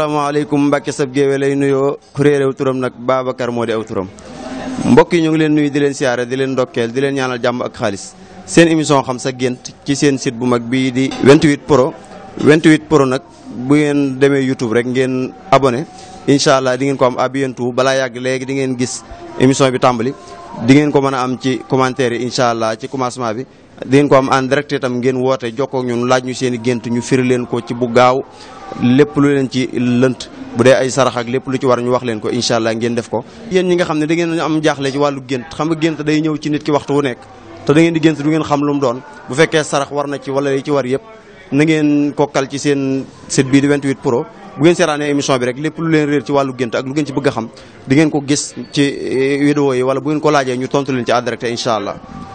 asalaamaaleykum Mbacke sab géewe lay nuyoo kuréel aw nag Babacar moo di aw turam mbokk yi ñu ngi leen nuyu di leen siyaare di leen ndokkeel di leen ñaanal jàmm ak xaalis seen émission xam sa gént ci seen site bu mag bii di poro pro 28 pro nag bu ngeen demee YouTube rek ngeen abonné incha allah di ngeen ko am à bientôt balaa yàgg léegi di ngeen gis émission bi tàmbali di ngeen ko mën a am ci commentaire yi incha allah ci commencement bi. di ko am en direct itam ngeen woote jokkoo ak ñun laaj ñu seen gént ñu firi leen ko ci bu gaaw lépp lu leen ci lënt bu dee ay sarax ak lépp lu ci war ñu wax leen ko incha allah ngeen def ko. yéen ñi nga xam ne da ngeen am jaaxle ci wàllu gént xam nga gént day ñëw ci nit ki waxtu wu nekk te da di gént du ngeen xam lu mu doon bu fekkee sarax war na ci wala li ci war yëpp na ngeen kokkal ci seen site bii di 28 pro. bu ngeen émission bi rek lépp lu leen réer ci wàllu gént ak lu ngeen ci bëgg a xam di ngeen ko gis ci eh, vidéo yi wala bu ngeen ko laajee ñu tontu leen ci en direct incha allah